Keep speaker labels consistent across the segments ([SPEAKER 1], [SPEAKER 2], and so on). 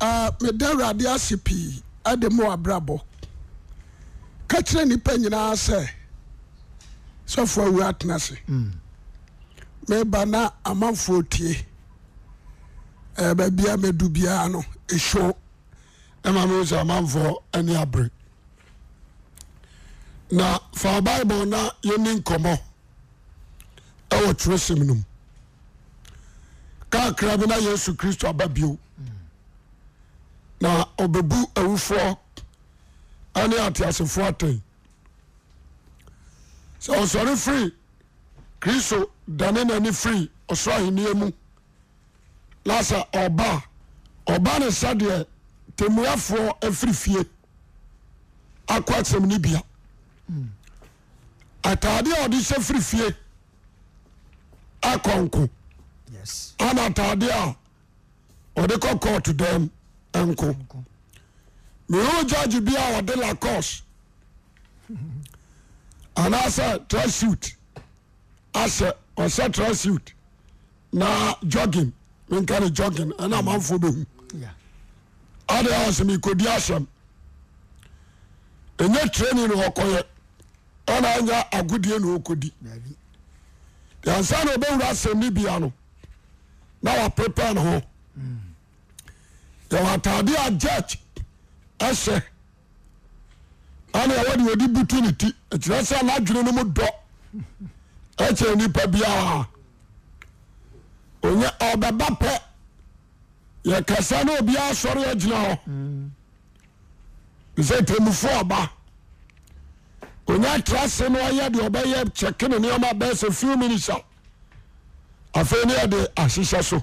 [SPEAKER 1] Ah, meda awurade ase pii ade mu abrabɔ ka kyerɛ nnipa nyinaa sɛ sɛfo awura atena se mm. meba na amanfoɔ tie baabia mɛdu biara no ɛhyo ma mehu sɛ amanfoɔ ani abere na fa bible na yɛni nkɔmmɔ ɛwɔ twerɛsɛm no mu kakra bi na yesu kristo aba bio naobɛbu awufoɔ ane atiasefoɔ aten sɛ ɔsɔre firi kristo dane nani firi ɔsoraheniɛ mu lasa ɔba ɔba ne sɛ deɛ temmirafoɔ afiri fie akɔ asamune bia atadeɛ a ɔde sɛ firi fie akɔnko ana atadeɛ a ɔde kɔkɔɔ to dɛm nko mio judge biaa wɔde lacos anasɛ transuit ahyɛ ɔsɛ transuit na joggin menkane joggin ɛna manfoɔ bɛhu ade awɔ smikodi ahyɛm ɛya trani no ɔkɔyɛ ɔna ya agodie no ɔkɔdi ansa na ɔbɛwura semne bia no na waprepɛ n ho yɛwɔ atade ajudge ɛhyɛ ane wɔde wɔde boto ne ti akyinɛ sɛ naadwene no mudɔ ɛkyɛ nnipa biaraa ɔbɛba pɛ yɛkasa ne obiara sɔre agyina hɔ i sɛ tamifo aba ɔnya trase no ɔyɛ de ɔbɛyɛ khɛke nene ɔma bɛsɛ few minutes a afei ne yɛde ahyehyɛ so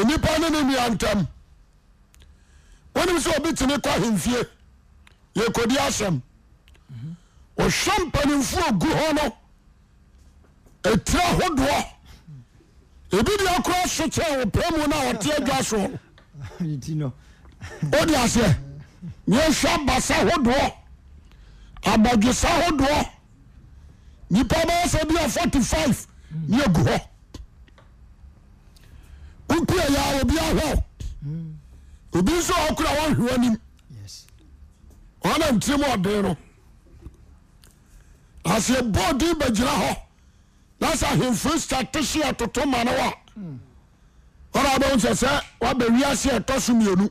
[SPEAKER 1] ɛnipa ne no mnuantam wonim sɛ obɛ temi kɔhemfie yɛkodi ahyɛm ɔhwɛ mpanimfuo ogu hɔ no atira ahodoɔ ebidiɛ kora hwekyɛ a wopa mu no wɔtea adwa so wode aseɛ neɛhwɛ abasa hodoɔ abadwesa hodoɔ nnipa bɛwɛsɛ bi a fo5i ne agu hɔ mpiayɛwɔbiaho obi so ɔkora wɔhwerɛ nim ɔanamtiem ɔde no aseɛbɔɔ din bagyina hɔ na sɛ hemfri sa tehyeɛ toto mane wa ɔdabɛho sɛ sɛ wobaisetɔ so mmien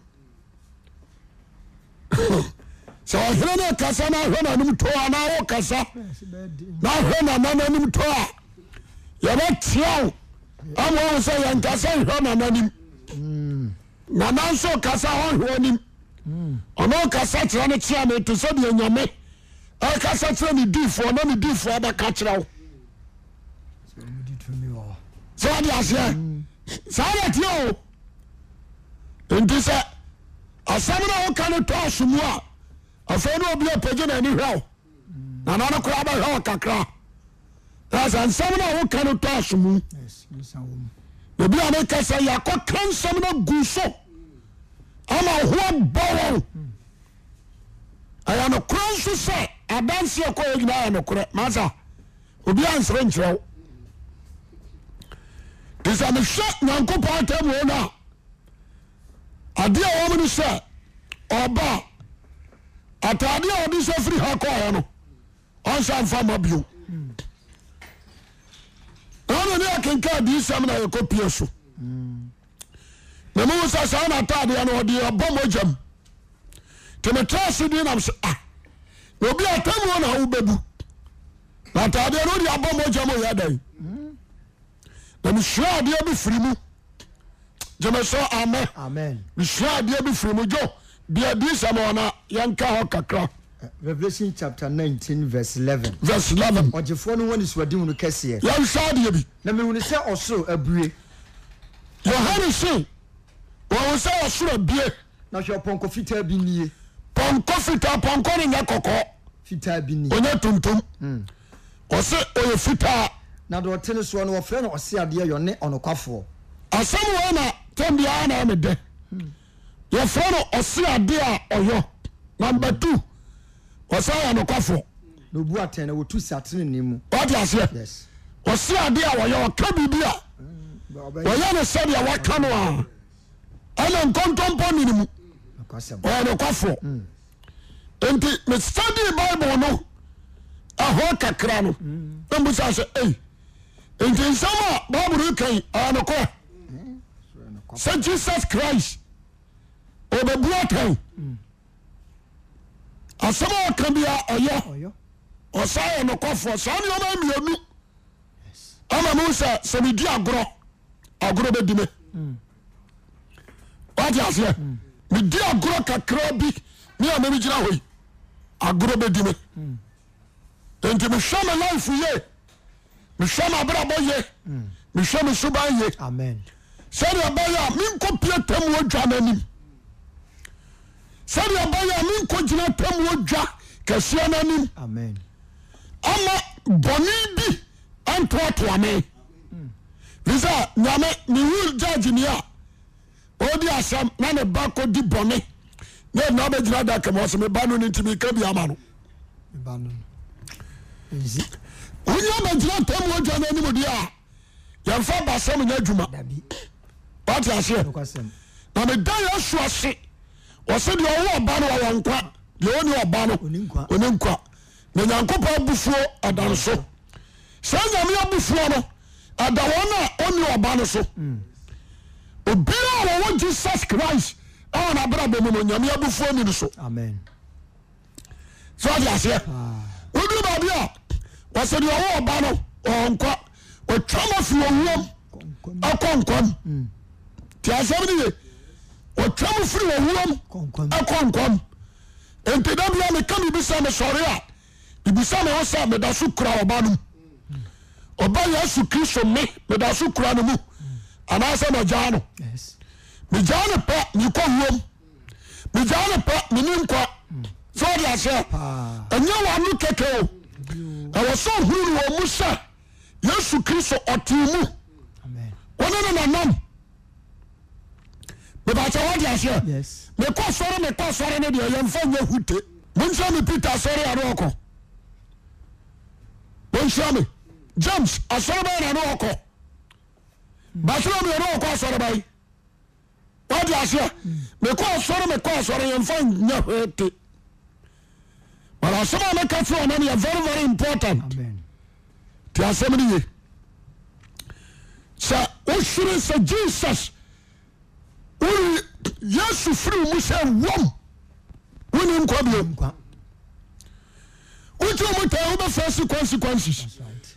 [SPEAKER 1] sɛ ɔhere no kasana hɛ nanonawɔkasa na ahɛ nanaano to a yɛbɛteɛ wo amaho sɛ yɛnkasɛ nhwɛ nanani nananso kasa hɔhwe nim ɔne kasa kyerɛ no kyeaneto sɛbinyame kasa kyerɛ no difoɔ ɔnne difoɔ bɛka kyerɛ wo sɛde aseɛ sɛa da tiɛ o nti sɛ asɛm no woka no tɔ aso mu a afei ne obi apagya na ane hwɛwo nanano kora bɛhwɛwo kakra sɛ nsam no a woka no tɔ asomu ɛobi a neka sɛ yɛkɔka nsɛm no agu so ama hoa bɔrɔ ɛyɛ nokorɛ nso sɛ abanseɛ kɔ ɔ yina yɛ nokorɛ maasa obiansere nkyerɛ wo ti sɛ mehwɛ nyankopɔn ataa mu noa adea wɔmno sɛ ɔba ataadeɛ ɔde sɛ firi ha kɔɔɔ no ɔnsamfama bio neneakenka din sem na yoko pie so nemesasana tadede abom jam temetrasedi namse ah, a obiatamuneawobabu natadean odi abomamyde amesiradia be firimu gemeso ame mesradbe
[SPEAKER 2] firimu j bia disemen yanka h kakra revelation chapter nineteen verse eleven. verse eleven. ọ̀jẹ̀fọ́ ni wọ́n ní sùwádìí wọn kẹsì ẹ̀. yẹn sọ adìyẹ bi. na mi wùn sẹ
[SPEAKER 1] ọ̀soro abue. yohane sè wọ́n wọ́n sẹ ọ̀soro abue.
[SPEAKER 2] na hwẹ pọnkọ fitaa bi nie. pọnkọ fitaa pọnkọ ni nyẹ kọkọ. fitaa bi nie. onye tuntum. ọsẹ hmm. oyè fitaa. na dọ̀ ọtí ni sọ ni ọ̀fẹ́ na ọ̀sẹ̀ adìyẹ yọ ní ọ̀nùkwáfọ̀. asẹ́mu wọn na tẹ́mbi ara na ẹ̀mẹ̀dẹ́ hmm. yẹ fẹ́ na ọ̀sẹ̀ adìyẹ ọ̀yọ́ number two. ɔsan yɛ nokɔfoɔde aseɛ ɔseade a wɔyɛ ɔkra biribi awɔyɛ mm, no sɛdea wɔka no a ɛna nkɔntɔmpɔ neno mu ɔyɛ
[SPEAKER 1] nokɔ foɔ mm. nti mestadi bible no ahɔ kakra no ne mm. mmosa sɛ nti nsɛm a bible wɛkai ɔyɛ nokɔ sɛ jesus christ ɔbɛbu a atan asame o kan bia oyo osayo nokofoo sa neyomamienu amamese se medi agoro agoro bedime mm. wat aseye mm. medi agoro kakra bi mianemigira hoi agoro bedime mm. enti meswe me life ye mese me abrabo ye mese me soba ye sede boyea menko pie temua jua ne nim sɛdbɔyɛ menkɔ gyina pamda kesia no nim
[SPEAKER 2] ama
[SPEAKER 1] bɔnebi antoatame bisɛ ya ehgyagini a d s nad bgian ya bagyina aan nda aneads ɔsedeɛ ɔwɔ nɛnn a nyankopɔn bfuo adan so sɛ nyame bufuɔ no adawɔn a ɔni ɔba no so hmm. obira a wɔwɔ jesus khrist awanbra bɔmun nyame bfuo nin so sɛtaseɛ ah. wodunabia ɔsedeɛ ɔwɔ ɔba no wnkwa ɔtwamɔ fi ɔwo akɔnkɔn hmm. tiasɛminee ɔtam firi ɔ wurom akonkam ntdɔ bia me ka mibisa mesɔre a ibisa me wo sɛ medaso kura ɔba nom ɔba yesu kristo me edaso kra no mu anasɛano megya ne mm. pa mko meanpa ennka sodese yawano kekeo wɔso huuruwɔ mu sa yesu kristo ɔte mu ne nenanam tes mk srksryyae pete s jae buase katverer important asemineye se oseri se jesus wure yesu firi mu sɛ wom wene nkwa bio wotio muta wobɛfɛ se conseuenses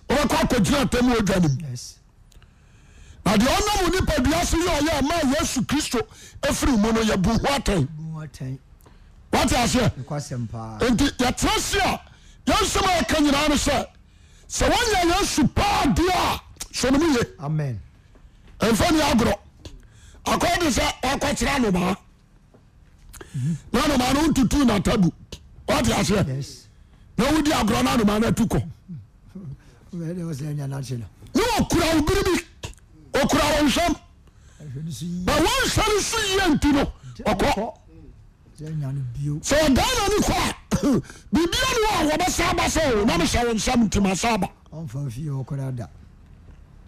[SPEAKER 1] wobɛɔkɔginatamuanm na deɛ ɔnam nipa adiase yɛɔyɛma yesu kristo firi mu no yɛbu hɔ awoeɛ nti yɛtrɛ se a yɛsɛm a yɛka nyina no sɛ sɛ woyɛyɛsu paa diɛa akodese okotera noma nanuma ntutuna tabu watas ne wudiagronanuma netuko ne okura obiribi okuraonsom but wasane se ye ntinooo sobanani ka bibi nuowobo saba snse osa tisaba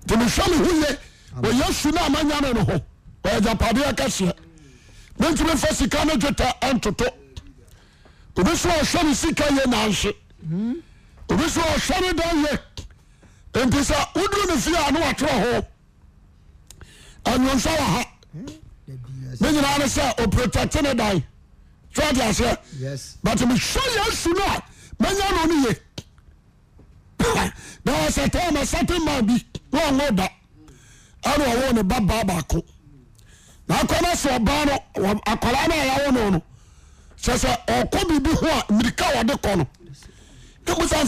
[SPEAKER 1] temesone oye si nama yanno yɛgapadeɛkasiɛ mentimi fa sika no deta ntoto obɛsom ɔhwɛre sika ye nanhwe obɛso ɔhwɛre danyɛ nti sɛ wodu ne fiea ne watorɛ ho anonsa wa ha ne nyina ne sɛ oprotecte ne dan soadeaseɛ but mehwɛ yɛ su no a mɛnya no no ye satamasatma bi ɔda anewone baba baako ksa aeɛ bibi ae asaa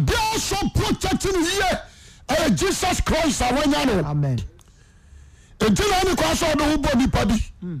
[SPEAKER 1] deso proetn ye jesus cris wayane tinane k sɛde wobɔ nipa bi mm.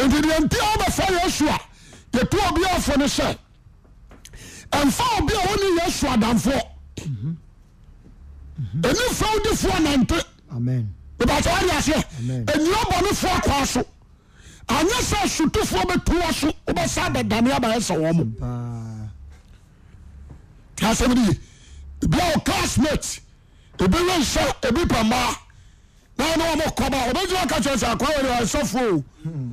[SPEAKER 1] nti deɛ nti a wɔbɛfa yesu a yɛtu obi afo no sɛ ɛmfa obi a wɔne yesu adamfoɔ mhm. ɛni fɛwdifoɔ nante ìbàtà wà ní aseɛ ènìyàn bọ̀ ní fún akọ aso ànyẹ sẹ sotufoɔ bẹ tu wọ́n so wọ́n bẹ sá bẹ dàní
[SPEAKER 2] abayẹ sẹ wọ́n mu
[SPEAKER 1] tí a sẹ mi nìyí ebi awọ classmate ebi wẹ nsẹ ebi pẹ mmaa náà ni wọn kọ bá ọbẹ jìnnà kàtúwẹsì akọ àwọn ẹni wọn ẹsẹ fún o. Hmm.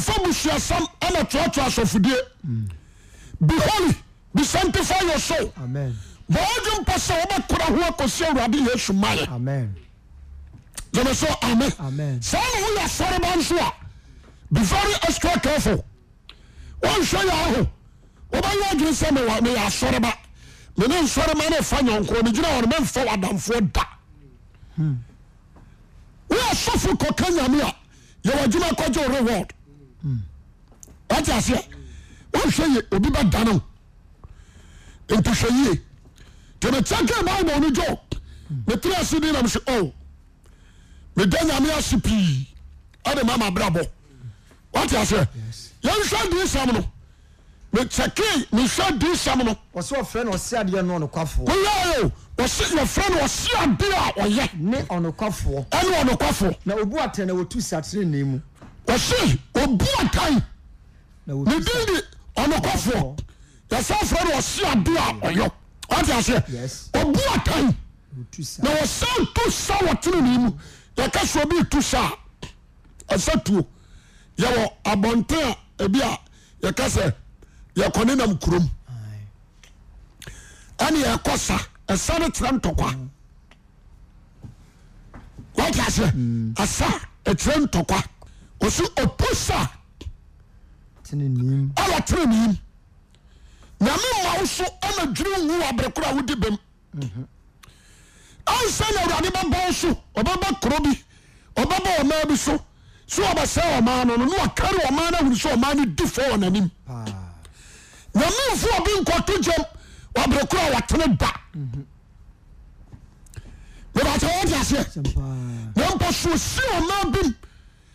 [SPEAKER 1] fa bosiasam ma toatu sofode behol eani osoa reao eoaa oo oa a ered wate aseɛ wohwɛ ye obi bɛdane o nti hwɛ yie nti mekyɛ ka bible no dwo metere ase ne nam sɛ o meda oh. nyame ase pii ɛde ma mabrabɔ wate aseɛ yɛnhwɛ di sam no mekyɛke mehwɛ di sam no wɔsɛfrɛ no ɔseadeɛ no ɔnokwafoɔ
[SPEAKER 2] woyɛo wɔfrɛ no ɔseadeɛ a ɔyɛ ne ɔnokwafoɔ ɛne ɔnokwafoɔ na obu atɛn na wɔtu satenene mu se obua tai ne
[SPEAKER 1] din de ɔnɔkɔfoɔ yɛsa frɔ de ɔseadoa ɔyɔ aate aseɛ obua taina ɔsan to sa wɔteneneimu yɛkasɛ obe tu sa a ɛsa tuo yɛwɔ abonte a ebi a yɛkɛsɛ yɛkɔne nam kurom ɛne yɛkɔ sa ɛsa ne terɛ ntɔkwa ate aseɛ asa aterɛ ntɔkwa mm. ɔso ɔposa ɔwɔtena neim namemawo so ɔna dwire wu wbrɛ kora wode bam ansa na arade bɛbao so ɔbɛbɛ korɔ bi ɔbɛba ɔmaa bi so so bɛsɛ ma no none karema noano di fo na namemfo ɔbnkto gyam brɛkorwtene ba bɛasɛ nap soosi ɔmaa bim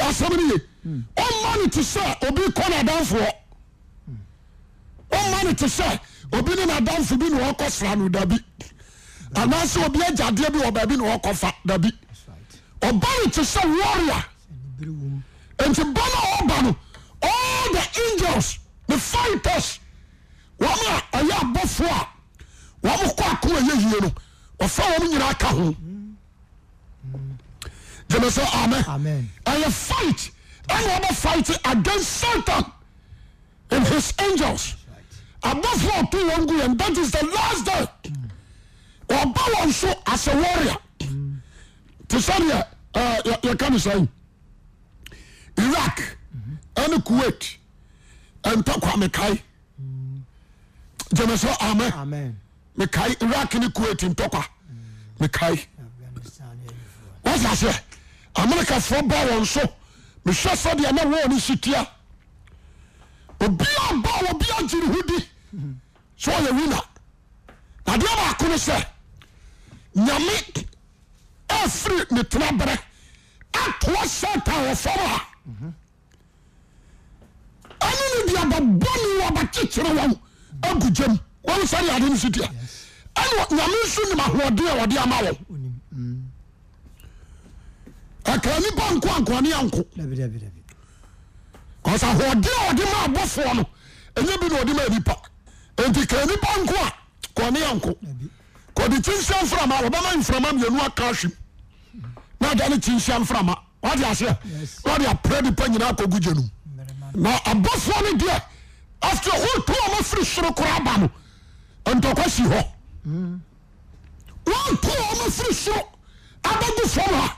[SPEAKER 1] ɛasɛm ne ye ɔma ne te sɛ obi kɔ nodamfoɔ ɔma ne te sɛ obi no nadamfo bi ne wɔkɔ sera no dabi anaasɛ ɔbi agyaadeɛ bi wɔbaa bi ne wɔkɔfa da bi ɔba ne te sɛ warea enti bɔne ɔɔba no all the angeles ne faipes wɔm a ɔyɛ abɔfoɔ a wɔmkɔakoma ɛyɛ hie no wɔfa wɔm nyina aka ho jẹmẹ sọ amen you fight ẹyẹ ọbẹ fight against Satan and his angels abofra ọtún wọn gu yẹn that is the last day ọba wọn so as a warrior To sani yẹ you can mi Iraq and Kuwait ẹntẹ kwa mẹkai jẹmẹ sọ amen mẹkai Iraq and Kuwait and ntọkwa mẹkai What's that àṣẹ. amerikafoɔ ba won so meswɛ sɛdeɛ na wono sitea obia babia gereho di sɛ ɔyɛ runa nadeɛ maakono sɛ nyame afiri neteraberɛ atoɔ satan ɔfɔr ha ɛnone diababɔne wɔbakyekyere wɔ agugyam wusanedeno sitia ɛnnyame nso nimhoɔdeɛ de ma wɔ kanipa nkoa koneanko ddm bofo ipana oo f faoofriero frier fo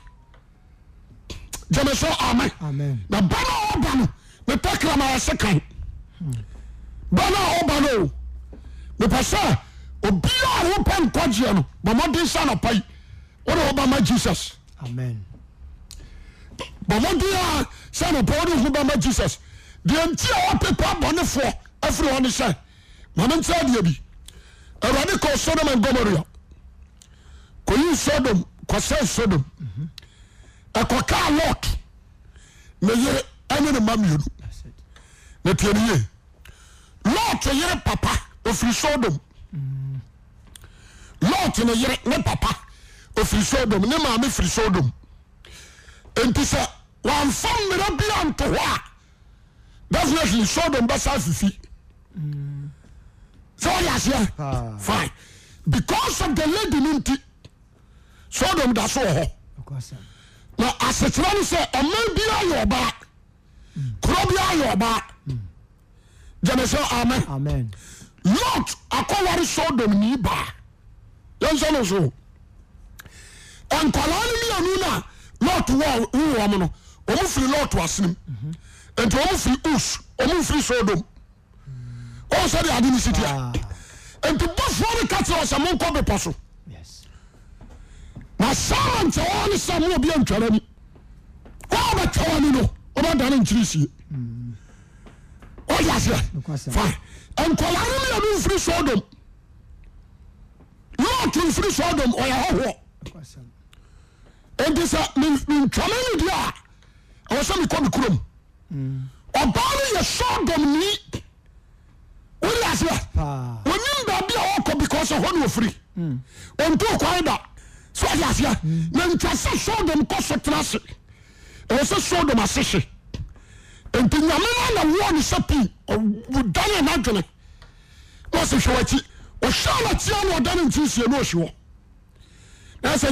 [SPEAKER 1] jemeso ame n baneobano mepakramayase kan baneobano mepa sa obiho pankojino bomoden sanpai woeu bama jesus bmonsanpaoebama jesus dentiao pepe bonefo afiri nese mamente die bi awurade ko sodom angomoria koi sodom kosen sodom ɛkɔkaa lot ne yere ɛne ne ma mmienu lot yere papa ofiri sodom lot ne yere ne papa sodom ne maame firi sodom et sɛ wamfa mmerɛ bia nto hɔ a definitely sodom bɛsa fifi sɛ ɔyɛ aseɛ ah. fine because of the lady nti sodom da so na asetera no sɛ ɔma biaayɔɔbaa koro bia yɔɔbaa yamesɛ ama lot akɔ ware sodom nei baa yɛnsa no so ɛnkɔla no muanu noa lot wowa mono ɔmu firi lot wasenim nti ɔmu firi os ɔmofiri sodom ɔsɛde ade ne sitia ah. nti bo sua no ka te wɔ sɛ monkɔ bepɔ so na samantɛ ɔne sɛ mɛɔbia ntwara no bɛtwawane no ɔbɛdane nkyiri sie odeaseɛ nkɔa nmiaumfri sodom ɔtomfiri sodom ɔyɛhɔho ɔnt sɛ ntwane no diɛ a ɔwɔsɛ mikɔ b krom ɔba no yɛ sodomn odeaseɛ oni dabia ɔkɔ because ɔhɔ neɔfri hmm. soadsa a nta sɛ sodom kosotrase e sodo sese yaensa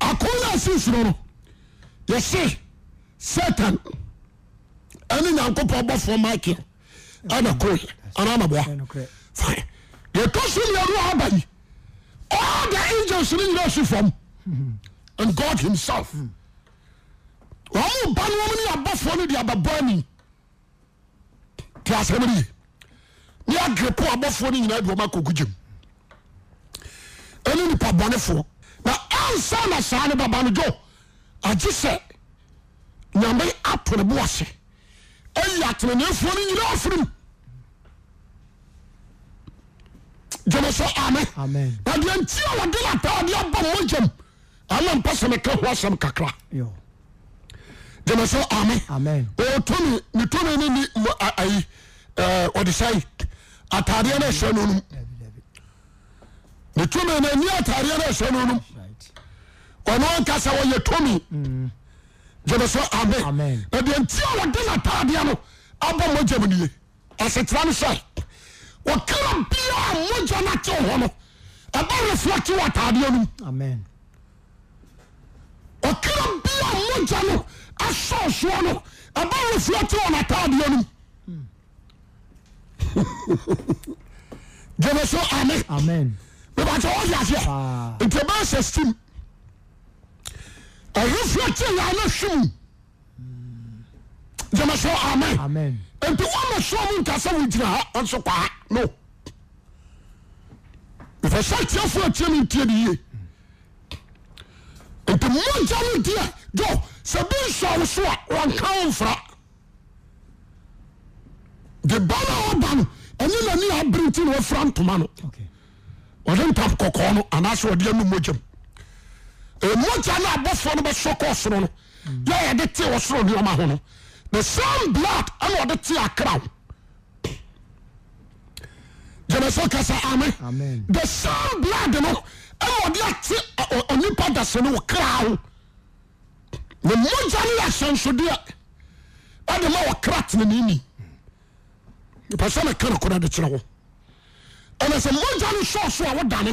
[SPEAKER 1] akona asi soro no yɛse satan ɛne nyankopɔn bɔfoɔ michael ɛna kore anamaboa fine yɛtɔ so mmianu aba yi all the angels no nyina si fam and god himself wɔn ba no wɔn ne abɔfoɔ no de ababɔ ani te asɛm no yi ne agrepo abɔfoɔ no nyinaa de wɔn akɔ gugyem ɛne nipa bɔnefoɔ nsa na sa ne babaneju aje se yame atoneboase aya tenene fone yena afrim jemeso ame adiantiawodela tade bomo jam anapaseme ke hoaseme kakra jemeso ame oto netomnni odesai atariane sea nnum netomene ani ataria ne sera nenum ɔnoka sa woyɛ tomi gemeso ame adntia wodenatadea no abɔ mja mune asetera nso ɔkra biaa moya no teohono abarefu tewotadea nu ɔkra biaa moya no aso so no abarefuɔ tewonatadea n gemeso ame ebataoaseɛ ntbasestim ɔhefu tie yana semu yaneso ame nt oneso mo nkasa woginaha nsoka no fsɛtia fotie nontideye nmoa moeɛ j sɛ bisɛo soa nkaomfra de banban nenaniaberentinwafra ntomano ɔdenta kokɔ no anasɔdeanoa ma no bfnɛssorɛde mm. te sorohthe same blod nade teekra yamɛsokasa me the sam blood no naɔde atenupa dase no kra o ne moya no yɛsɛnsode de ma kra teneneniɛnekaekerɛh nsɛ moya no susoa wodane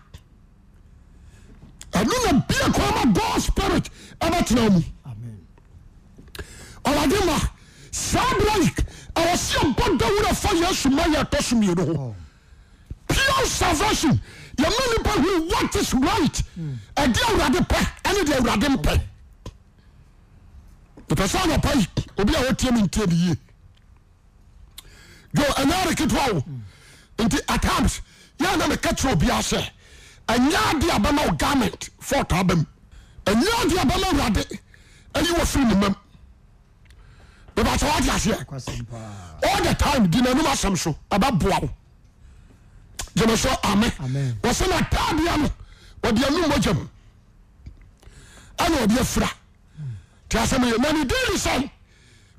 [SPEAKER 1] ɛno na bia kɔma god spirit ɛbɛtena mu ɔwade ma saa blank ɛwɔ sɛ ɛbɔ dawura fa yesu ma yɛ ɛtɔ so mmienu ho oh. pure salvation yɛma nipa hu what is right ɛde hmm. awurade pɛ ɛne de awurade mpɛ pɛpɛ sɛ anɔpa yi obi a wɔtie me ntie ne yie jo ɛnɛ reketewa wo nti at times yɛa na meka kyerɛ obiaa sɛ aya adia bana o gavernment fo ta bam aya dia bama oruade eyiwo sir ni mam bubasaa tiasie all the time din anum asem so aba buao jemeso amen wasena ata dia no wadi numojemo ane odi fira
[SPEAKER 2] tiase mye man didison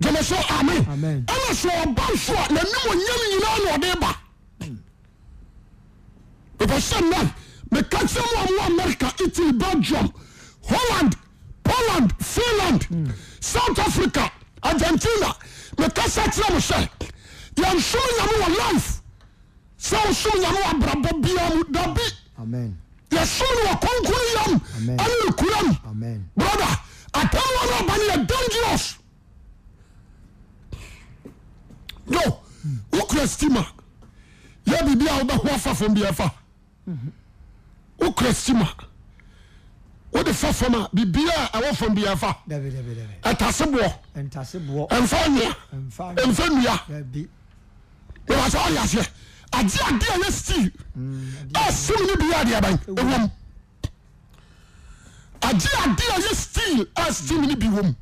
[SPEAKER 1] ebans nmy yinndeba katemm america italy belgium holland poland finland south africa argentina mekasetemse yso yamew life s yam braba m dab yesomnw knkoynam bre ny dangelos o wo kora stima yɛ bibi a wobɛho fa fombiɛfa wo kora stima wode fa fam a bibire a ɛwɔ fombiɛfa ɛtase
[SPEAKER 2] boɔ mf ua ɛmfa
[SPEAKER 1] nua sɛ woyasɛ age adeayɛ steel a sim no biɛadeɛban om ae ade a yɛ steel mm, a stelm no bi wom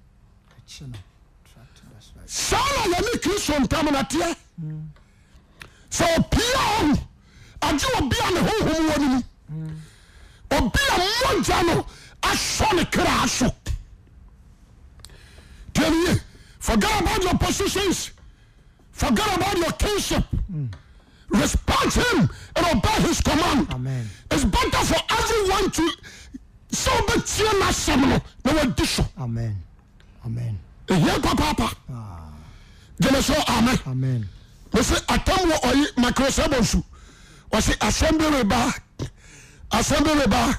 [SPEAKER 1] salwane christian tamnateɛ sɛopia aye obiane hohomwa nm obiamɔya no asɔne kraso dmie forget about your positions forget about yor kinship responshim an obey his command is better for everyone to sɛlhe tenasɛm no na wadi son ihe kopapa jeme so ame mese atamwooye macrosebosu ose asembereba asembereba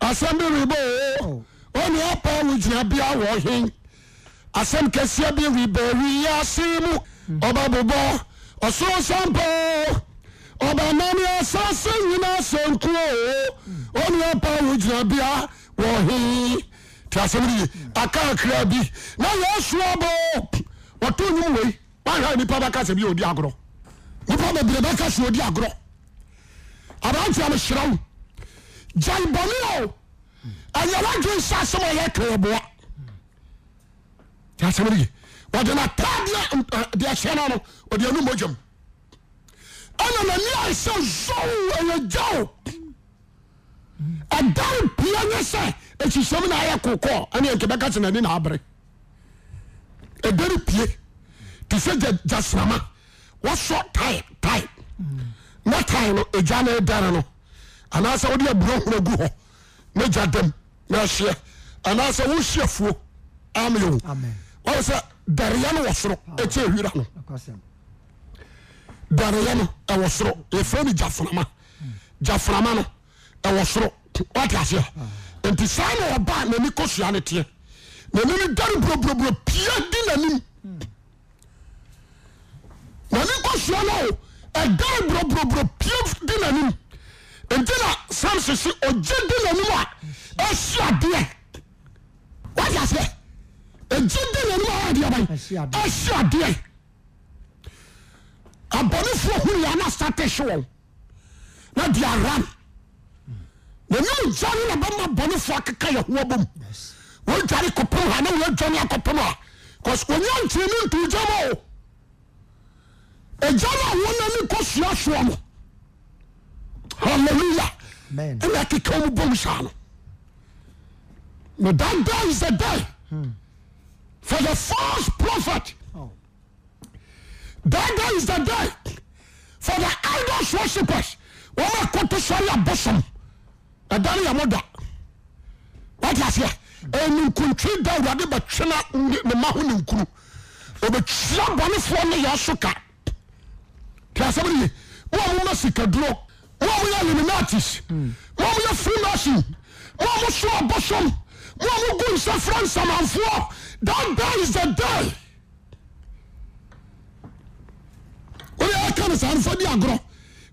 [SPEAKER 1] asemberebo oneapawoginabia oe asem kesie berebareasem obabobo ososampo obanamasanse yina senko npawoginabia oe teasemereye aka kra bi na ye suwo bo weto im wei aanipaakase bag npa bbr akase di agoro abatiameserao jaboneo ayawadense semyekoboa tasemreye dena tra deasnn deanumojam ananamiase so yegao ɛdere pie nye sɛ ɛsisɛmi na ayɛ kokɔ aneke bɛka senani naabere ɛdere pie ti sɛ jasarama woso tatai neta no aeeosa fo am
[SPEAKER 2] sɛ
[SPEAKER 1] dereyɛno w soro tewira no dereyno w soro frɛni jaraa jaframao inti sane oba nani ko suane tie nen dar brr pia nk sa er brr pie n ntina samsese oje den a suade s suade abonfoo hurna sate sewo na diran neanena ma bɔn fo kekahbo arhnn snnkenontoyam jano awonani nkosua so no alelua nekekmubosno that da is the da for the first prohet tat day is the da hmm. for the elders worshipers omakotsaneabosom adaneyamoda ts nekute dadera fyoa ɛbe momomasikad oyɛinatisyɛfroosososɛ faneaaa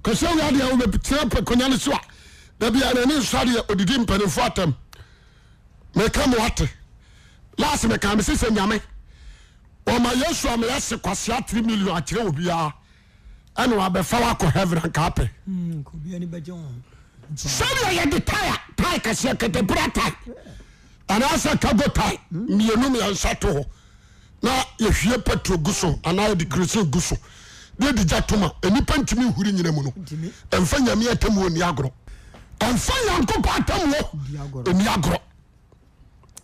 [SPEAKER 1] kae snd eaneso binani nsare odidi mpanifo tem meka moate las mekamesese yame ma yesmse kastr million r nfao apede t nip ti r yeae aemgo mfe yankopɔn atemo miagro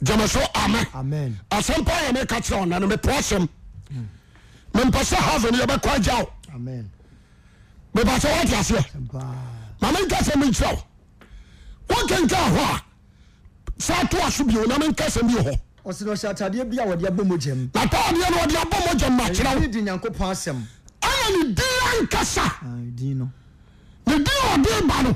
[SPEAKER 1] eeosmaemenkase ker wokeke h
[SPEAKER 2] sataso bsnnediankasa edin
[SPEAKER 1] ode bao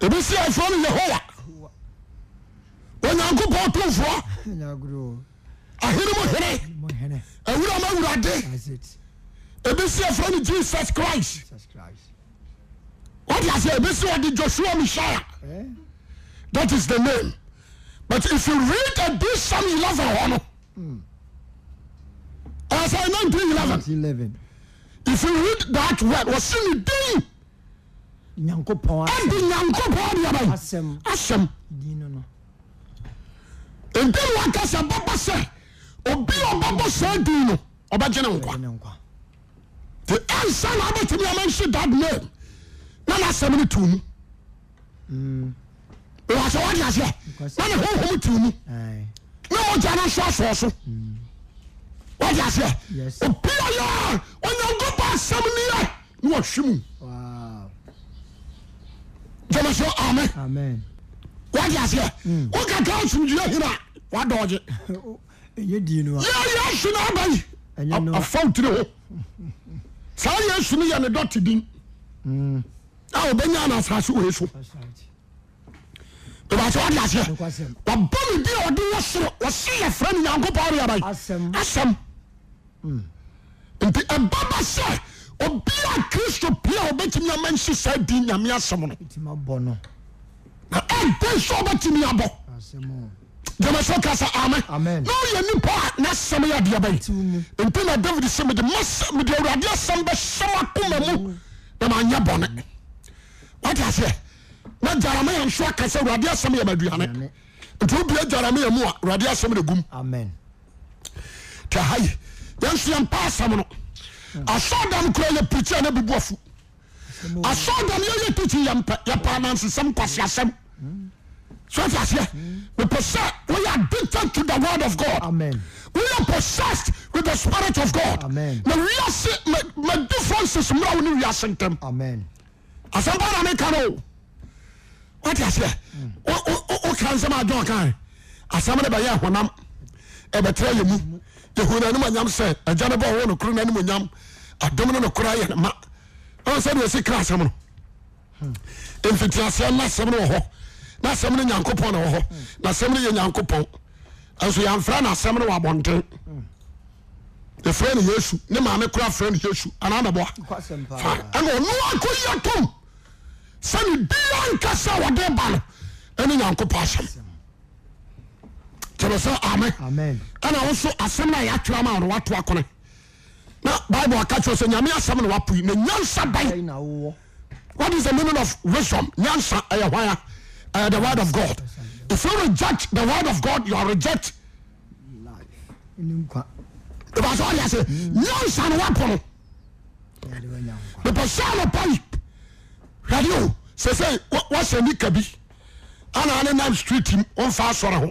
[SPEAKER 1] ebe se fren yehoa enyankobo tof aherem here ewirma wurade ebeseafren jesus christ whata se ebeseade josua misiah that is the name but if you read absame eleven on se
[SPEAKER 2] 9 11 if you read that word s nyankopɔn ɛdi nyankopɔn de aba asɛm asɛm
[SPEAKER 1] nti waka sɛ bɔbɔ sɛ obi ɔbɔbɔ saa din no ɔbɛgye ne nkwa te ansa na abɛtumi ama nhye that name na n'asɛm ni tu mu mm. wɔ sɛ wɔde aseɛ na ne honhom tu mu na ɔgya no nso asoɔ so mm. wɔde aseɛ obi ɔyɛ a onyankopɔn asɛm ni yɛ na wɔhwe mu
[SPEAKER 2] Hmm. a wodeaseɛ wokaka somi hi wadeyeye su no abai
[SPEAKER 1] afaotire ho saa ye su no yɛnedɔte din aobɛnyanaasase ɛs desɛ bmebiaodewoer seyɛfra ne yankopɔ b asɛm ni ɛbabasɛ obiaa kristo pia bɛtimiamansi saa di yame sɛm no e sɛ obɛtimiabɔ
[SPEAKER 2] msokasa mnyɛ
[SPEAKER 1] nip nesɛm yɛ n david see yɛa opsɛo fe mseeaiced to the wr of god ee possessed with the spirit of god eieenes rse smnkaokas saneem yehu na anim anyam sɛ agya no bɛ ɔwɔ no anim anyam adom no ayɛ ma ɔn sɛ deɛ kra asɛm no mfitiaseɛ na asɛm no wɔ hɔ na asɛm no nyankopɔn na wɔ hɔ na asɛm no yɛ nyankopɔn nso yɛamfra na asɛm no wɔ abɔnten yesu ne maame kora yesu ɛna ɔno atom nkasa wɔde ba no ɛne nyankopɔn asɛm Amen. amen ɛna so La no a yɛatwerɛ ma no bible aka kyerɛ sɛ nyame asɛm no na what is the meaning of wisdom nyansa uh, the word of god if you reject the word of god you are reject ɛbɛ sɛ ɔyɛ nyansa ça woapo no mepɛ ana street m on asɔre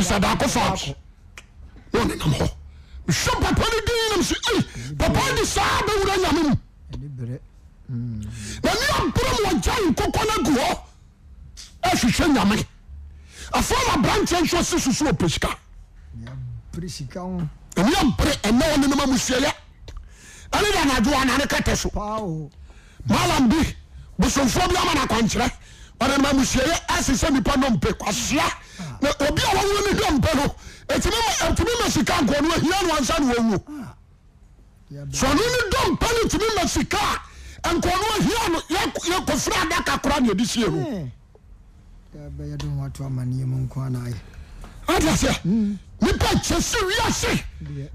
[SPEAKER 1] sɛ daako faako wɔn nenam hɔ mehwɛ papa no din nam so ei papa de saa bɛwura nyame mu na ne aberɛ m wɔgya nkokɔ no agu hɔ ahwehwɛ nyame afɔm aberanteɛ nso se susu ɔpɛ sika ɛne abere ɛnɛ wɔ nenom amusuayɛ ɛne de anadwo anane kɛtɛ so malam bi bosomfoɔ bi ama no akwankyerɛ mseye ase se mipa nompe sa obiwndmtimima ska nknsan o snn dopan timima sika nkonhykofra
[SPEAKER 2] dakakoranedisiems mipakese wi se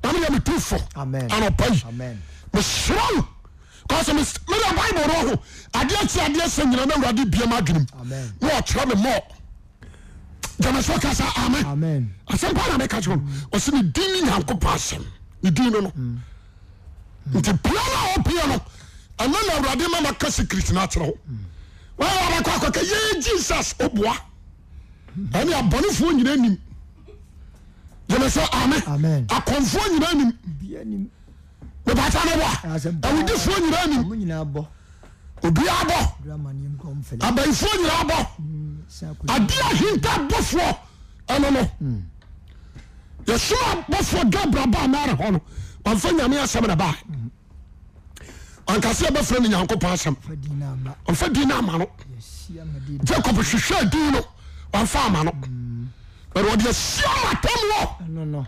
[SPEAKER 2] nammetufona
[SPEAKER 1] esero meda bible ho adeɛseadeɛsɛnyinanarde biama dwne mterɛ memɔamnt biama ɔpieno anana awrade mamakasikrinoterɛ ho kɛ ye jesus boane mm. abanefuɔ yinani amsa akmfoɔ nyinanim ebatanoboa ɛwodi foɔ nyina nim obia bɔ abaifoɔ nyina bɔ ade ahinta abɔfoɔ ɛno no mm. yɛsoo abɔfoɔ gabraba amaare hɔ no wamfa nyame asɛm ne ba ankase ɛbɛfna no nyankopɔn asɛm amfa di no ama no jacob hwehwɛ adin no wamfa ama no mm. btdeɛsi matamuɔ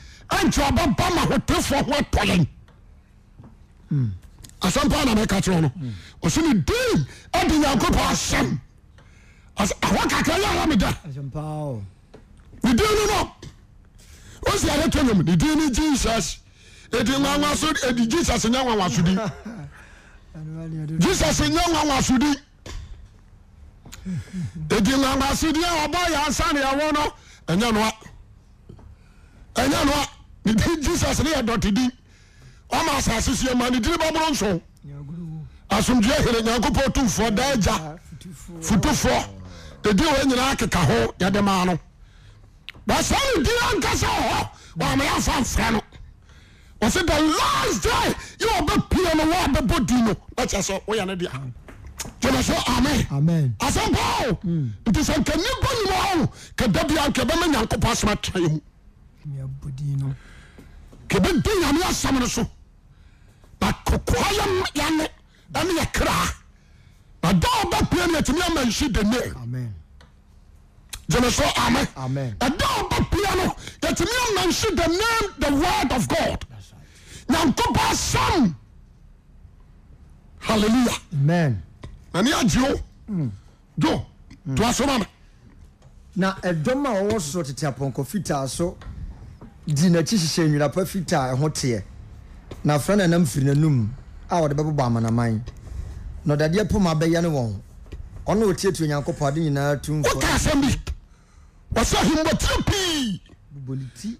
[SPEAKER 1] anki obaba mahutef ho tole asampa nmka trno sone di ade nyankurup ase ka rayaaeda edi n aedin jessysess yawawonsodinyaa edi jisus ne yɛdɔedi ma sase siɛma nedine ɛbn asa nyankopɔ mfɔa foufyiaeaasɛasa y kebɛden ane asam no so na kokoa yɛm yano ameyɛ kra nada oba pea no atimi amansyi te name yeneso ame ada ba pua no ɛtimi amansyi the name the word of god nankopɔ asam
[SPEAKER 2] halleluia nane agyio o hmm. toasomne na ɛdɔm a wɔwɔ so teteapɔnkɔfitaa so di n'akyi hyehyɛ nwera pa fitaa ɛho teɛ na afra na nam firi n'anum a wɔde bɛbobɔ amanaman na ɔdadeɛ poma bɛyɛ ne wɔn ɔno ɔtiatua onyankopɔn ade nyinaa tu mfɔ woka asɛm bi wɔsɛ ahemmɔtire pii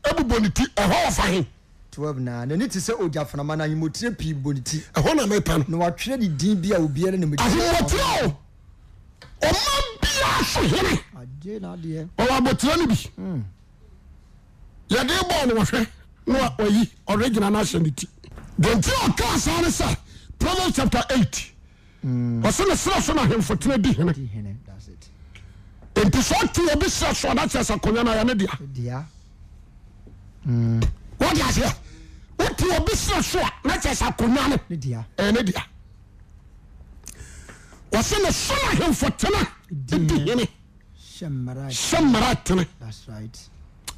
[SPEAKER 2] ɛbobɔ ne ti ɛhɔ ɔfa he Twelve na n'ani te sɛ ogya fanama na ahemmɔtire pii bobɔ ne ti ɛhɔ na mepa no na watwerɛ ne din bi a obiara ne ahemmɔtire o ɔma biaa so hene ɔwɔ abɔtira no bi hmm. yɛdebɔ noɔhwɛ
[SPEAKER 1] n a yi oregina nohyɛ ne ti denti ka sa ne sa pro chaper e ɔsene sera son hemfotena dihene nsɛ teserɛ nksaa dar hmfea
[SPEAKER 2] sɛ mmratene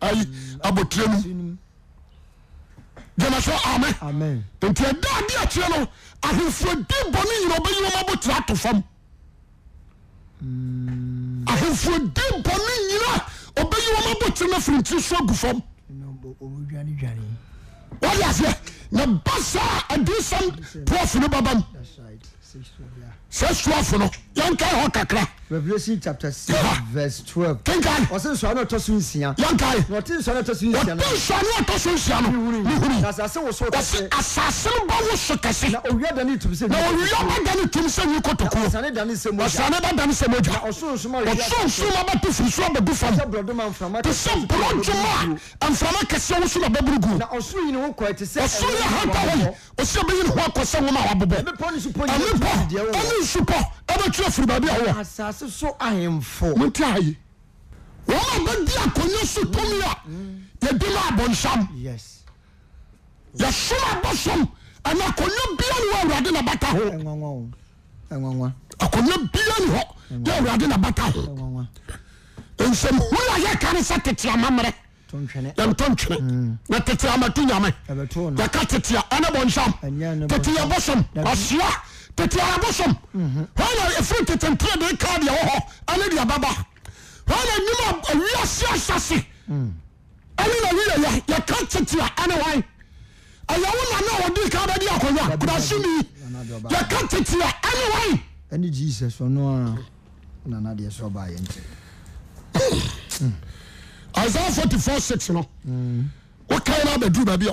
[SPEAKER 1] ai abotira nu ganasɛ ame nti ɛda deakyirɛ no ahemfuo bi bɔ ne nyina obɛyi woma botiri ato fam ahemfuo bibɔ ne yina obɛyi woma aboteri no frintii so gu fam woyeasɛ na ba saa adensan po feni baba mu
[SPEAKER 2] sɛ suafo no yanka hɔ kakraɔte nsuane ɛtɔ so nsia nos asase no bɔwo so kɛsena owia bɛ dane tom sɛ wi kɔtoksane badane sɛ m ɔsonsoma bato foruso abad famso borɔ ddomoa amframa kɛse woso na babrogu
[SPEAKER 1] ɔsone hapa h ɔse bɛyine ho akɔ sɛ woma wbobɔ nsupo bt fribabi bi ke sotm bimo abonsam ysoaboso an kn bin binh yade n ns yekaresa titea mamer ymetontene n tete amato yame yka tetea nbonsa yabosos tete arabosom wọn efiri le cadre de ka deɛ nous sommes baba wọn enim awiase asase ɛne na tu yɛ yɛka tete a ɛne anyway. ɛyɛwo
[SPEAKER 2] na di mi a jesus nana de ba Isaiah forty four no. Mm. Wọ́n náà bẹ̀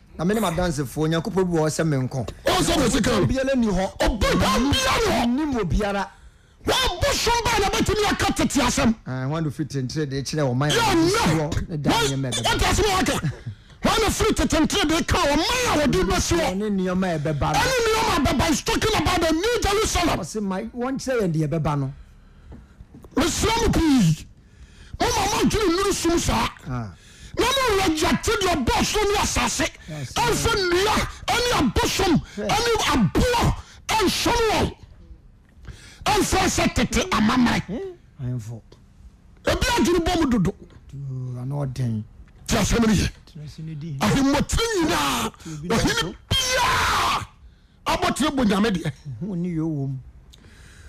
[SPEAKER 2] na mene madansefoɔ onyankopɔn bi wɔ hɔ sɛ menkɔ ɔsɛ ne sika obiara ni hɔ nim obiara wɔbo som ba na bɛtumi aka tete asɛm ah, wane firi tentere de kyerɛ ɔma yɛnɛwata asɛm firi tetentere de ka ɔma a wɔde bɛsi hɔ
[SPEAKER 1] nneɔma ɛbɛba ɛne nneɔma bɛba is talking about the new jerusalem ɔse ma wɔnkyerɛ yɛn deɛ ɛbɛba no mesrɛ mo pii moma moadwene nnuru som saa ah na mo wɔ gyate deɛ ɔbɔ so asase ɛmfa nnua ɛne abosom ɛne aboɔ ɛnsom wɔ ɛmfa sɛ tete
[SPEAKER 2] ebi
[SPEAKER 1] adwene bɔ dodo
[SPEAKER 2] ti asɛm no yɛ ahemmɔtiri nyinaa ɔhene biaa abɔtiri bɔ nyame deɛ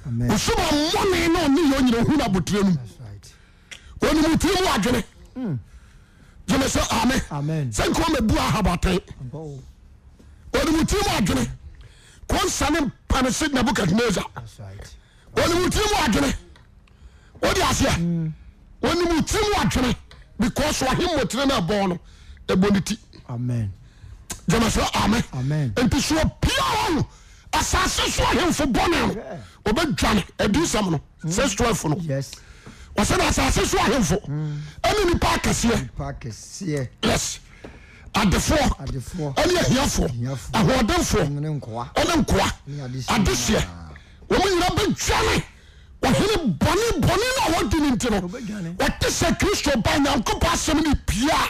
[SPEAKER 2] ɔsoma mmɔne
[SPEAKER 1] na ɔne yɛ ɔnyina abotire mu ɔnimtiri mu adwene hmm. gamaso am sɛnkomabua habten nimotirim adwene kosane panese nebukadnezzar ntiim dwene wodeaseɛ hmm. nimtirim adwene because etera no ɛbɔno abn ti wamso am ntisoɔpia asase soo hemfobɔnen wobɛdwane adusam
[SPEAKER 2] no sɛ stentfno hmm. sɛna asase so ahemfo nenipa akɛseɛys adefoɔneiafoɔofoɔne nkoa adeseɛ ɔmoyera bɛane
[SPEAKER 1] ɔhene bɔnebɔne na wɔdn ni no wɔte sɛ kristo ba na nkpɔ asɛmne pia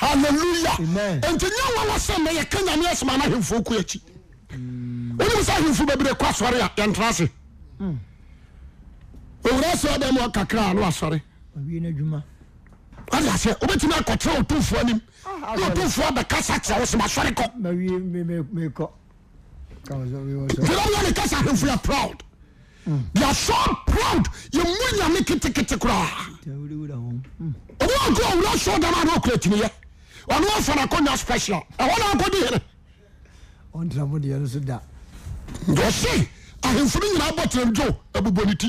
[SPEAKER 1] alleluya nti yɛwaɔ sɛnnɛ yɛka nyameɛ sma no hemfoɔ kɔakyi ɔnem sɛ hemfo babirɛ kɔasoare yɛntra se wsedkakransremktrfsrse fa pr s pr yemu yame kk ratie n special fyenat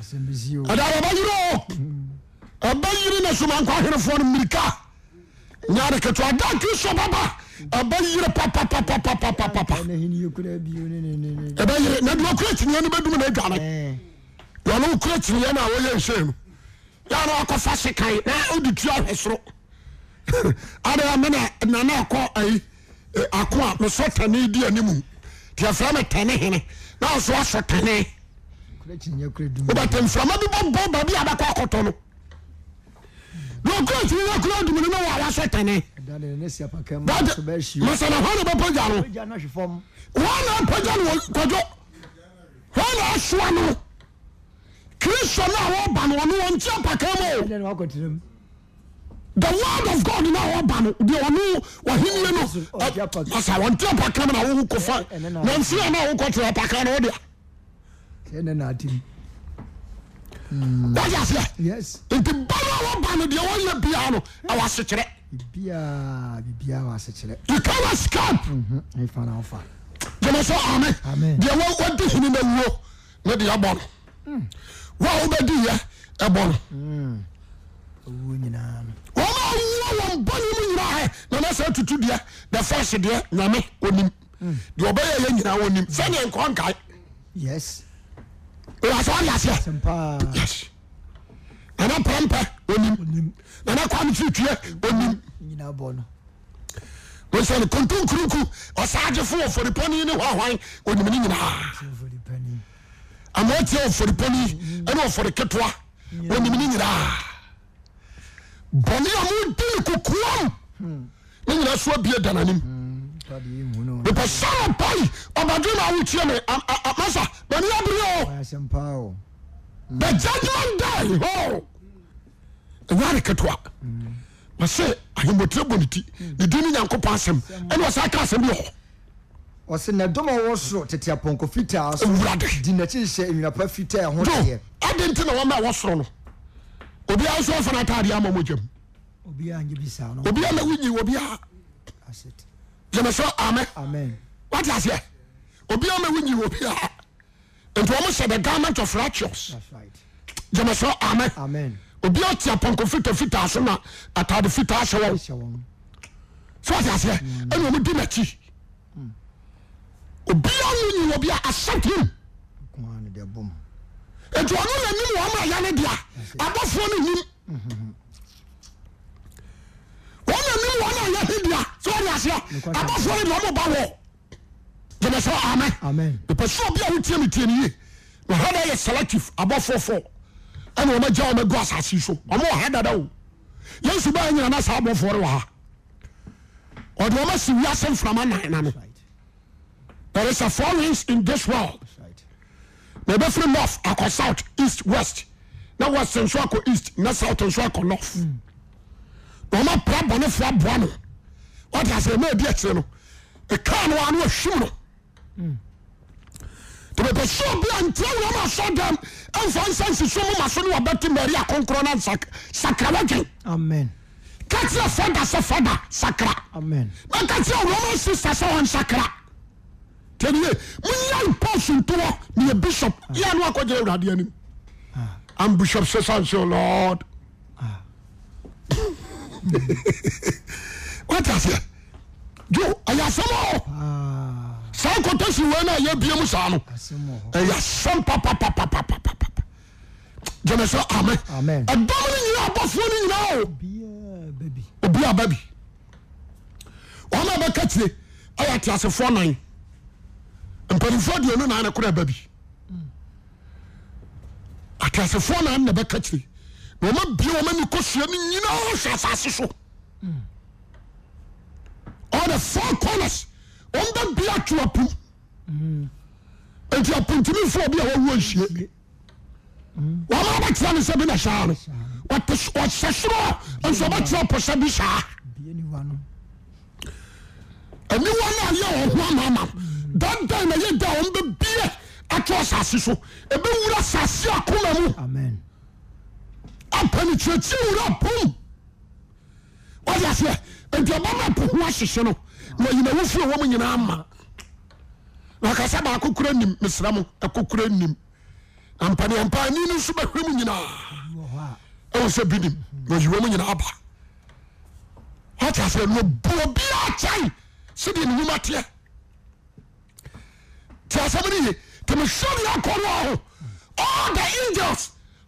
[SPEAKER 2] adbayereo
[SPEAKER 1] abayere ne somankohere fon mirika yadeketadake so papa bayere pktinandoa nkratiriyenyese nako fa seka odte ahesoro nnko eso tenedinmfra teneene saso ten mfa aaea o rinani aathe w wayaseɛ nt banoa wabano deɛwana bia no
[SPEAKER 2] ɛwasekyerɛekaa sap gamɛso anedeɛwadi hini nawo ne deɛ bɔ no wa
[SPEAKER 1] wobɛdiɛ ɛbɔno omawuo wnbɔnemuyina hɛ nana sa tutu deɛ thefis deɛ mm. wame mm. oni deɛ ɔbɛyɛyɛ yina onim mm. sɛneɛnkonkae
[SPEAKER 2] wase alasey
[SPEAKER 1] ana prampe onim ana koametei tie
[SPEAKER 2] onim
[SPEAKER 1] mesene konto kronku osa je fo ofore poni ne hha onimine nyenaa ama otie ofore poni ne ofore ketowa onimi ne nyenaa bonemudine kokoom ne nyena sua bie dananim hmm. pɛsɛ pai ɔbajo no awotene masa baneabrbejagment da waaneketa se
[SPEAKER 2] ymoteraboneti nedumi nyankopɔn asem nesɛ ka sɛmdehdedentena wamɛ wosoro no obia sofane taremamojam obianawoyiobia
[SPEAKER 1] jẹmẹsọ amen wọ́n ti àṣẹ obi a mẹ́wọ́ nyi obi a nti wọ́n sẹ the government of righteous jẹmẹsọ amen obi a ti apɔnkɔ fita fita aso na ataade fita ahyɛ wɔn so wọ́n ti àṣẹ ẹni wọ́n di n'akyi mm. obi a wọ́n nyi obi a accept him nti wọ́n nana nim wọ́n mu ayé ne dea abɔfoɔ
[SPEAKER 2] ne
[SPEAKER 1] ɔna ni wɔn a yɛ hibia so ɔdi aseɛ abɔfra ni wɔn ba wɔ jɛnɛ sɛ amen pɛsɛ obi a wotie mi tie ni yie na ɔha na yɛ selective abɔfrɔfrɔ ɛna wɔn agya wɔn agu so wɔn wɔ ha dada o yɛn su baa nyina na saa abɔfra wɔ ha ɔdi wɔn asi wiase nframa nan na no there is a four winds in this world na ebe firi north akɔ south east west na west nso akɔ east na south nso akɔ north. Mm. ma pra bone foa boane ddteo kani bo nbo sesaso wtaseɛ o ɛyɛ asam a saa kota se weine ayɛ biemu saa no ɛyɛ asam pap genesɛ
[SPEAKER 2] ame
[SPEAKER 1] ɛbamo nyina abɔfu no yinao bibabi ma bɛka kie ɛyɛ atiasefo n mpaifu dnbbsef nɛa a bie anksam yina sɛ sase so he fa cones ɔmba bi atwoapo nti apotimifonsie maɛterano sɛinsɛ sɛ e sɛɛteposɛbsa niwa no yɛ hoaa daaayɛda bɛ bi atwo sase so bɛwra sase akomamu pani kyeraki wene pom sse nti bama poho sehe no yenawoie womu nyena ma asɛ bakokra ni eseram oa ni o yinanynabikya sode nwum te sɛm emesɛ le angels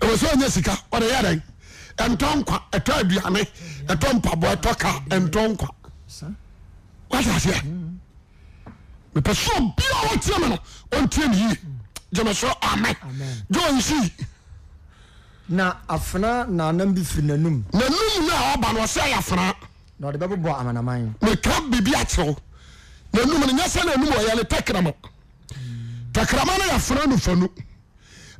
[SPEAKER 1] ewesonya sika odeyeden nto nkwa eto aduane eto mpabo eto ka ntonkwa atese
[SPEAKER 2] epe so bio tiemn ntiene gemeso ame onsinn nnbanseya fr ka bibia te
[SPEAKER 1] nnyesennyelkrm kryfranfanu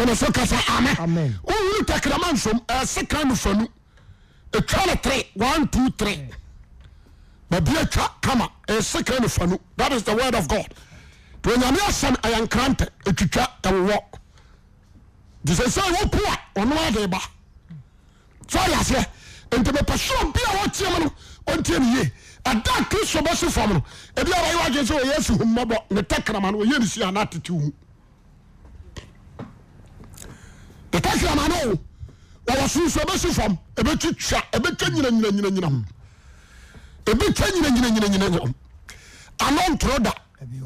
[SPEAKER 1] eneso kase me nu tekedema so se ka ne fanu tane tre oneto tre ebita am sk fa ofrpa ane ooɛsi da ɛia ɛwayinaia ɛwa yinaiaiaia nooda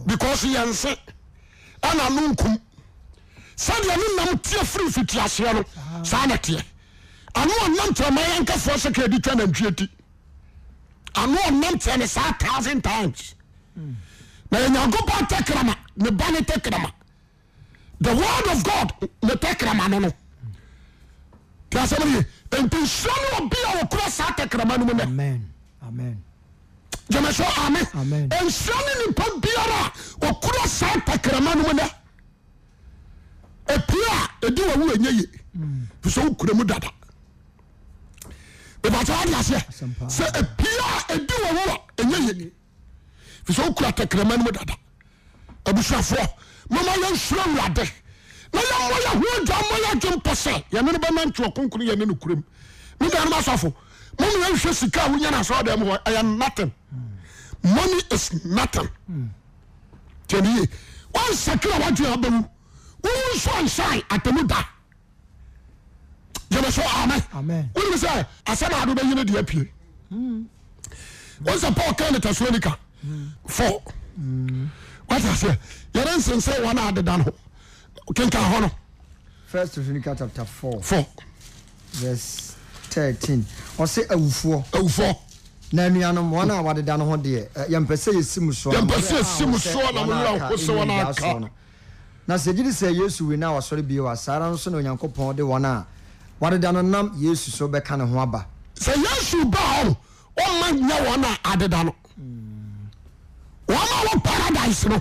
[SPEAKER 1] beause yse nnou te wrd of odeaa semeentesiraneo bi okuro sa tekeremanme jeme so ame sira ne nipo biara okuro sa tekeremanme epie ediw yye mm. ise kurmu dada ebadease se piea edi wwo yye fiseokrtekereman dada msro wrde na yɛ mmɔ yɛ hu adwa mmɔ yɛ adwe mpɔ sɛ yɛne no bɛnante ɔkonkoro yɛne no kuram medanom asɔfo momeyɛ nhwɛ sika a wonya no asɔɔdɛ mu hɔ ɛyɛ nothing money is nothing tiɛniye wansakira wadwe abɛwu wowu nso ansan atɛmu da yɛbɛ so amɛ wonim sɛ asɛ na ado bɛyene deɛ apue wọn sọ paul kẹ́hìn tẹ̀síwẹ́nìkà fọ wọ́n ti sẹ́ yẹ́rẹ́ nsẹ́nsẹ́
[SPEAKER 2] wọn náà adeda nù. kenka hɔ no first thessalonica chapter four four verse thirteen ɔsɛ awufoɔ awufoɔ na nuanom wɔn a wadeda no ho deɛ yɛmpɛ sɛ yɛsi mu soɔ yɛmpɛ sɛ yɛsi mu soɔ na wɔn a wɔsɛ wɔn aka na sɛ gyiri sɛ yesu wi na wasɔre bio a saa ara nso na onyankopɔn de wɔn a wadeda no nam yesu so bɛka ne ho aba sɛ yesu ba hɔ wɔn ma nya wɔn a adeda no hmm. wɔn a wɔ paradise no.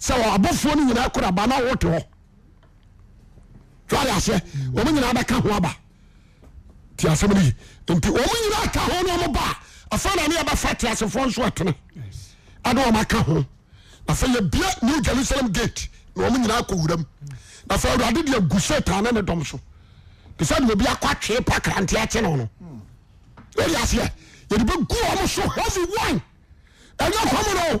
[SPEAKER 1] sbfe yena k eo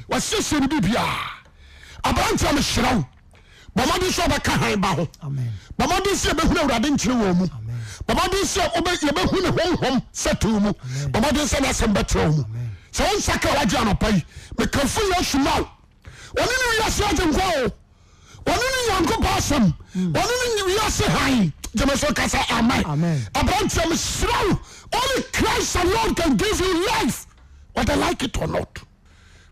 [SPEAKER 1] as sɛmbo bi bratam serɛ badɛkaa a aɛ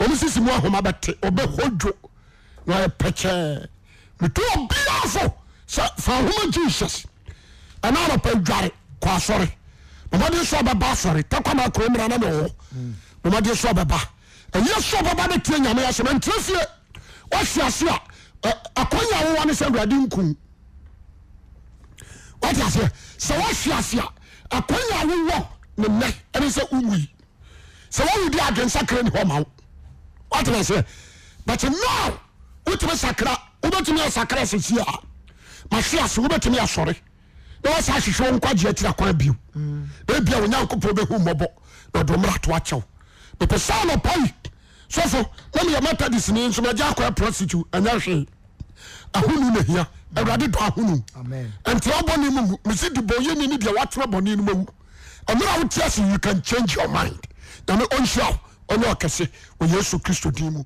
[SPEAKER 1] omesisim homa bete oe hoo peke etoobia so se ahoma jeus nassk o ee se sakren ma atemes but no wotimi sakra wobetimi sakra seioo maeotse oucan change your mind ame sia ɔne akase ɔ ye su kristo din mu